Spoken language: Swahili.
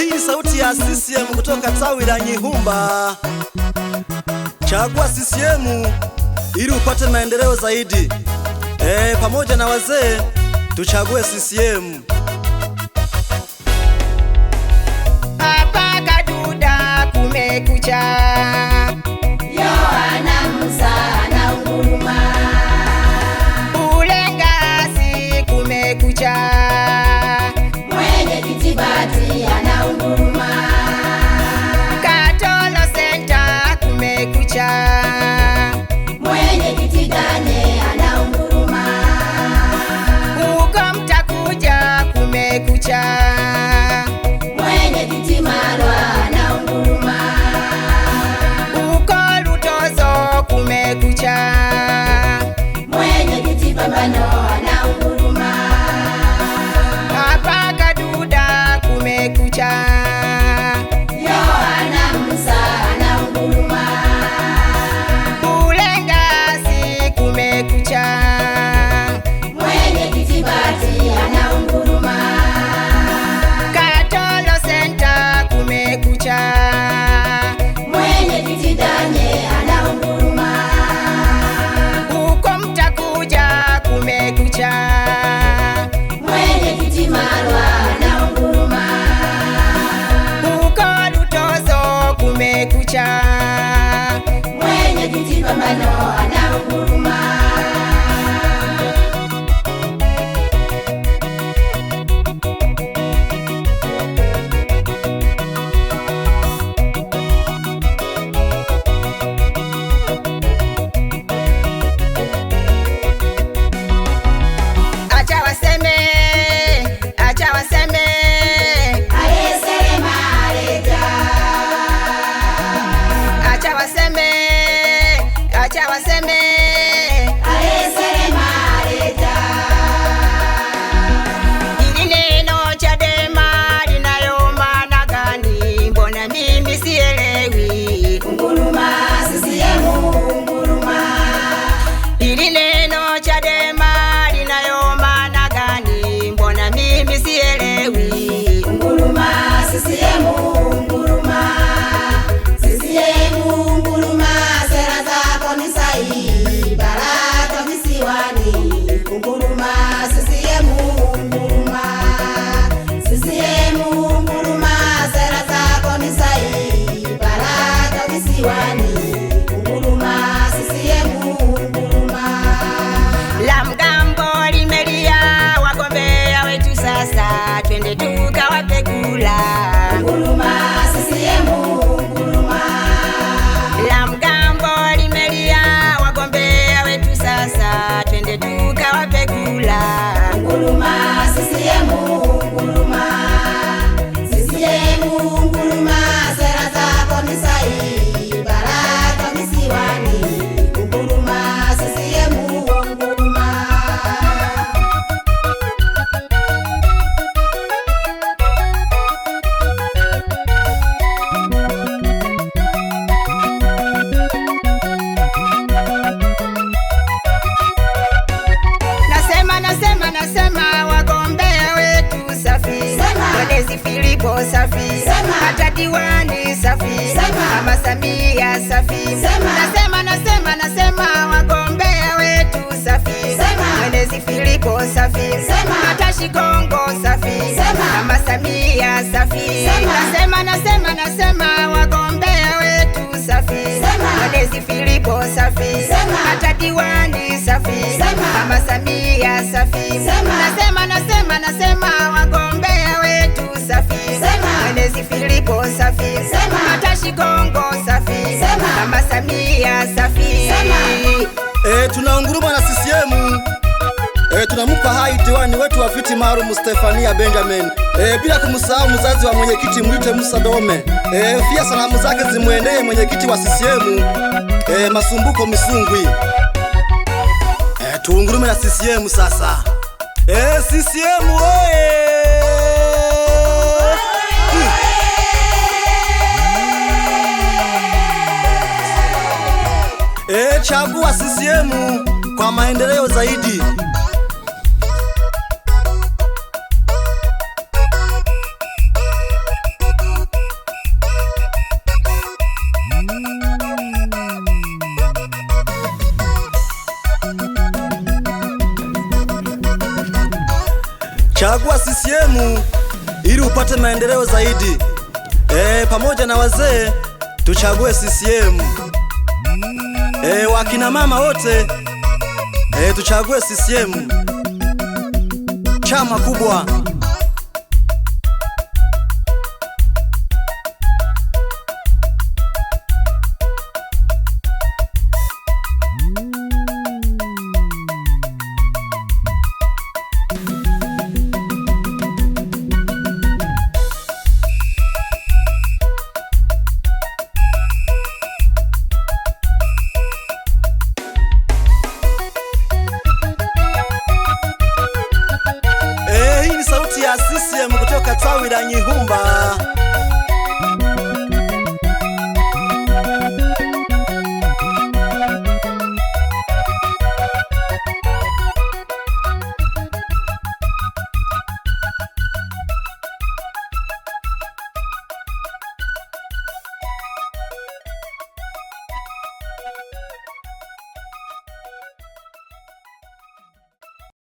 Hii sauti ya CCM kutoka tawi la Nyihumba. Chagua CCM ili upate maendeleo zaidi. E, pamoja na wazee tuchague CCM. Hapa Kaduda kumekucha. mapambano ana huruma Diddy it. wapate kula. Nguluma CCM, nguluma. La mgambo limelia, wagombea wetu sasa, twende tukawapate kula. Nguluma CCM safi. Sema. Nasema nasema nasema wagombea wetu safi. Sema. Mwenezi Filipo safi. Sema. Matashi Kongo safi. Sema. Mama Samia safi. Sema. Nasema nasema nasema wagombea wetu safi. Sema. Mwenezi Filipo safi. Sema. Hata diwani safi. Sema. Mama Samia safi. Sema. Nasema nasema nasema wagombea wetu safi. Sema. Mwenezi Filipo safi. Sema. Matashi Kongo tunaunguruma na CCM e, eh, tunamupa hai diwani wetu wa viti maalum Stefania Benjamin e, bila kumsahau mzazi wa mwenyekiti mwite Musa Dome e, eh, pia salamu zake zimwendee mwenyekiti wa CCM e, Masumbuko Misungwi e, tuungurume na CCM sasa e, CCM oye Eh, chagua CCM kwa maendeleo zaidi. Chagua CCM ili upate maendeleo zaidi. E, pamoja na wazee tuchague CCM e, wakina mama wote e, tuchague CCM chama kubwa. kuwawiranye ihumba